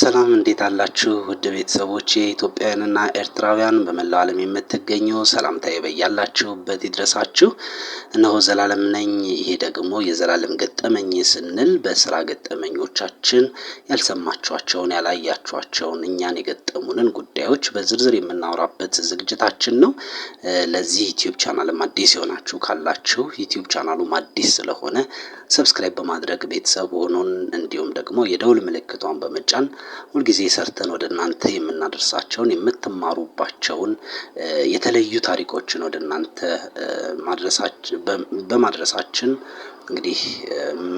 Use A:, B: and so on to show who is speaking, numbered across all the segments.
A: ሰላም እንዴት አላችሁ? ውድ ቤተሰቦቼ የኢትዮጵያውያንና ኤርትራውያን በመላው ዓለም የምትገኙ ሰላምታዬ በያላችሁበት ይድረሳችሁ። እነሆ ዘላለም ነኝ። ይሄ ደግሞ የዘላለም ገጠመኝ ስንል በስራ ገጠመኞቻችን ያልሰማችኋቸውን፣ ያላያችኋቸውን እኛን የገጠሙንን ጉዳዮች በዝርዝር የምናወራበት ዝግጅታችን ነው። ለዚህ ዩትዩብ ቻናልም አዲስ የሆናችሁ ካላችሁ ዩትዩብ ቻናሉም አዲስ ስለሆነ ሰብስክራይብ በማድረግ ቤተሰብ ሆኖን እንዲሁም ደግሞ የደውል ምልክቷን በመጫን ሁልጊዜ ሰርተን ወደ እናንተ የምናደርሳቸውን የምትማሩባቸውን የተለዩ ታሪኮችን ወደ እናንተ በማድረሳችን እንግዲህ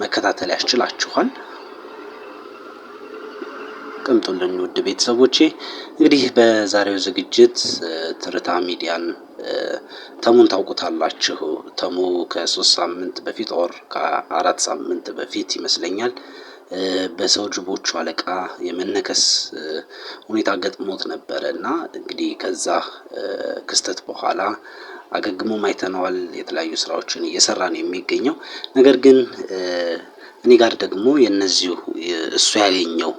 A: መከታተል ያስችላችኋል። ቅምጡልኝ ውድ ቤተሰቦቼ እንግዲህ በዛሬው ዝግጅት ትርታ ሚዲያን ተሙን ታውቁታላችሁ። ተሙ ከሶስት ሳምንት በፊት ኦር ከአራት ሳምንት በፊት ይመስለኛል በሰው ጅቦቹ አለቃ የመነከስ ሁኔታ ገጥሞት ነበረ እና እንግዲህ ከዛ ክስተት በኋላ አገግሞም አይተነዋል። የተለያዩ ስራዎችን እየሰራ ነው የሚገኘው። ነገር ግን እኔ ጋር ደግሞ የነዚሁ እሱ ያገኘው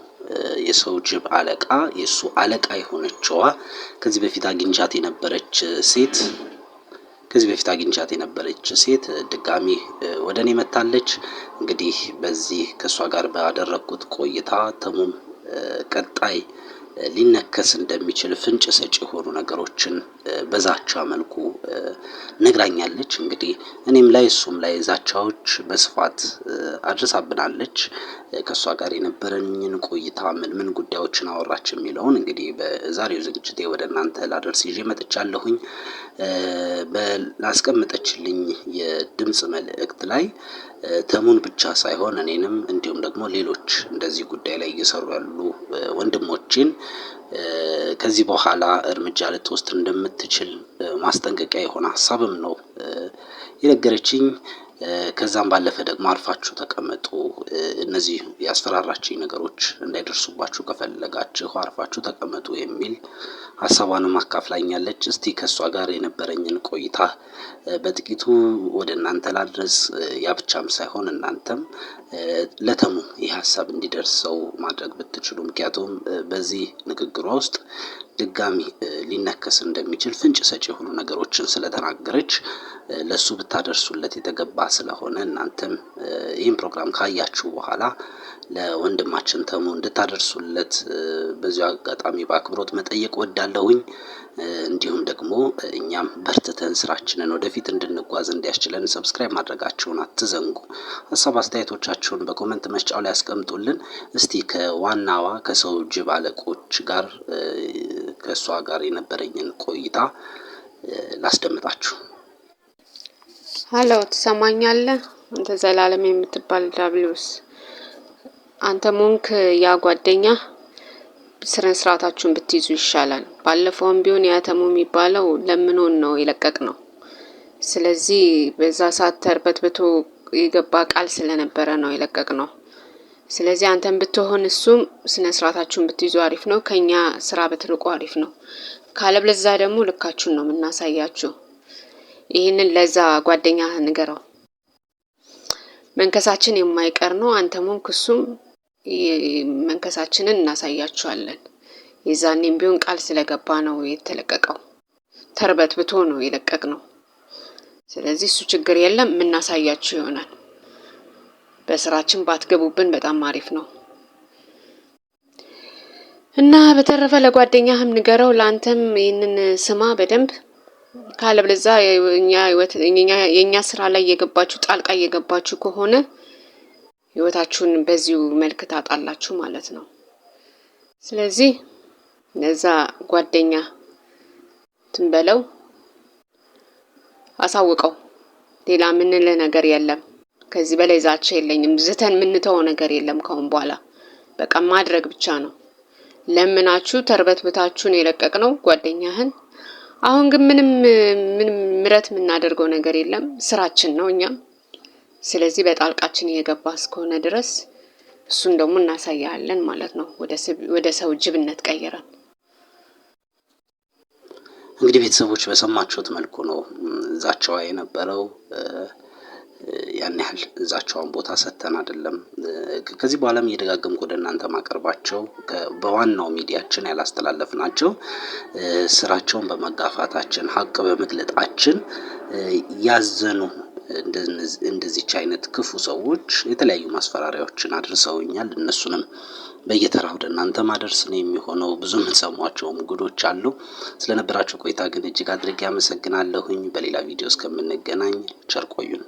A: የሰው ጅብ አለቃ የእሱ አለቃ የሆነችዋ ከዚህ በፊት አግኝቻት የነበረች ሴት ከዚህ በፊት አግኝቻት የነበረች ሴት ድጋሚ ወደ እኔ መታለች። እንግዲህ በዚህ ከእሷ ጋር ባደረግኩት ቆይታ ተሙም ቀጣይ ሊነከስ እንደሚችል ፍንጭ ሰጪ የሆኑ ነገሮችን በዛቻ መልኩ ነግራኛለች። እንግዲህ እኔም ላይ እሱም ላይ ዛቻዎች በስፋት አድርሳብናለች። ከእሷ ጋር የነበረኝን ቆይታ ምን ምን ጉዳዮችን አወራች የሚለውን እንግዲህ በዛሬው ዝግጅቴ ወደ እናንተ ላደርስ ይዤ መጥቻለሁኝ። ላስቀመጠችልኝ የድምፅ መልእክት ላይ ተሙን ብቻ ሳይሆን እኔንም እንዲሁም ደግሞ ሌሎች እንደዚህ ጉዳይ ላይ እየሰሩ ያሉ ወንድሞቼን ከዚህ በኋላ እርምጃ ልትወስድ እንደምትችል ማስጠንቀቂያ የሆነ ሀሳብም ነው የነገረችኝ። ከዛም ባለፈ ደግሞ አርፋችሁ ተቀመጡ። እነዚህ ያስፈራራችኝ ነገሮች እንዳይደርሱባችሁ ከፈለጋችሁ አርፋችሁ ተቀመጡ የሚል ሀሳቧንም አካፍላኛለች። እስቲ ከእሷ ጋር የነበረኝን ቆይታ በጥቂቱ ወደ እናንተ ላድረስ። ያ ብቻም ሳይሆን እናንተም ለተሙ ይህ ሀሳብ እንዲደርሰው ማድረግ ብትችሉ፣ ምክንያቱም በዚህ ንግግሯ ውስጥ ድጋሚ ሊነከስ እንደሚችል ፍንጭ ሰጪ የሆኑ ነገሮችን ስለተናገረች ለሱ ብታደርሱለት የተገባ ስለሆነ እናንተም ይህን ፕሮግራም ካያችሁ በኋላ ለወንድማችን ተሙ እንድታደርሱለት በዚሁ አጋጣሚ በአክብሮት መጠየቅ ወዳለሁኝ። እንዲሁም ደግሞ እኛም በርትተን ስራችንን ወደፊት እንድንጓዝ እንዲያስችለን ሰብስክራይብ ማድረጋችሁን አትዘንጉ። ሀሳብ አስተያየቶቻችሁን በኮመንት መስጫው ላይ ያስቀምጡልን። እስቲ ከዋናዋ ከሰው ጅብ አለቆች ጋር ከእሷ ጋር የነበረኝን ቆይታ ላስደምጣችሁ።
B: ሀሎ ትሰማኛለህ? አንተ ዘላለም የምትባል ዳብሊውስ አንተ ሞንክ ያ ጓደኛ ስነ ስርዓታችሁን ብትይዙ ይሻላል። ባለፈውም ቢሆን ያተሙ የሚባለው ለምኖን ነው የለቀቅ ነው። ስለዚህ በዛ ሰዓት ተርበትብቶ የገባ ቃል ስለነበረ ነው የለቀቅ ነው። ስለዚህ አንተን ብትሆን እሱም ስነ ስርዓታችሁን ብትይዙ አሪፍ ነው። ከኛ ስራ ብትርቁ አሪፍ ነው። ካለብለዛ ደግሞ ልካችሁን ነው የምናሳያችሁ። ይህንን ለዛ ጓደኛ ንገረው። መንከሳችን የማይቀር ነው። አንተም ሆንክ እሱም መንከሳችንን እናሳያችኋለን። የዛኔም ቢሆን ቃል ስለገባ ነው የተለቀቀው። ተርበት ብቶ ነው የለቀቅ ነው። ስለዚህ እሱ ችግር የለም፣ የምናሳያችሁ ይሆናል። በስራችን ባትገቡብን በጣም አሪፍ ነው እና በተረፈ ለጓደኛህም ንገረው፣ ለአንተም ይህንን ስማ በደንብ ካለብለዛ የእኛ ስራ ላይ እየገባችሁ ጣልቃ እየገባችሁ ከሆነ ህይወታችሁን በዚሁ መልክ ታጣላችሁ ማለት ነው። ስለዚህ ለዛ ጓደኛ ትንበለው አሳውቀው። ሌላ ምንልህ ነገር የለም። ከዚህ በላይ ዛቻ የለኝም። ዝተን የምንተው ነገር የለም ከሁን በኋላ በቃ ማድረግ ብቻ ነው። ለምናችሁ ተርበት ብታችሁን የለቀቅ ነው ጓደኛህን። አሁን ግን ምንም ምንም ምረት የምናደርገው ነገር የለም ስራችን ነው እኛም። ስለዚህ በጣልቃችን እየገባ እስከሆነ ድረስ እሱን ደግሞ እናሳያለን ማለት ነው። ወደ ሰው ጅብነት ቀይረን
A: እንግዲህ ቤተሰቦች በሰማችሁት መልኩ ነው ዛቸዋ የነበረው። ያን ያህል እዛቸውን ቦታ ሰጥተን አይደለም። ከዚህ በኋላም እየደጋገምኩ ወደ እናንተ ማቀርባቸው በዋናው ሚዲያችን ያላስተላለፍ ናቸው። ስራቸውን በመጋፋታችን ሀቅ በመግለጣችን ያዘኑ እንደዚች አይነት ክፉ ሰዎች የተለያዩ ማስፈራሪያዎችን አድርሰውኛል። እነሱንም በየተራ ወደ እናንተ ማደርስ ነው የሚሆነው። ብዙ የምንሰሟቸውም ጉዶች አሉ። ስለነበራቸው ቆይታ ግን እጅግ አድርጌ አመሰግናለሁኝ። በሌላ ቪዲዮ እስከምንገናኝ ቸር ቆዩን።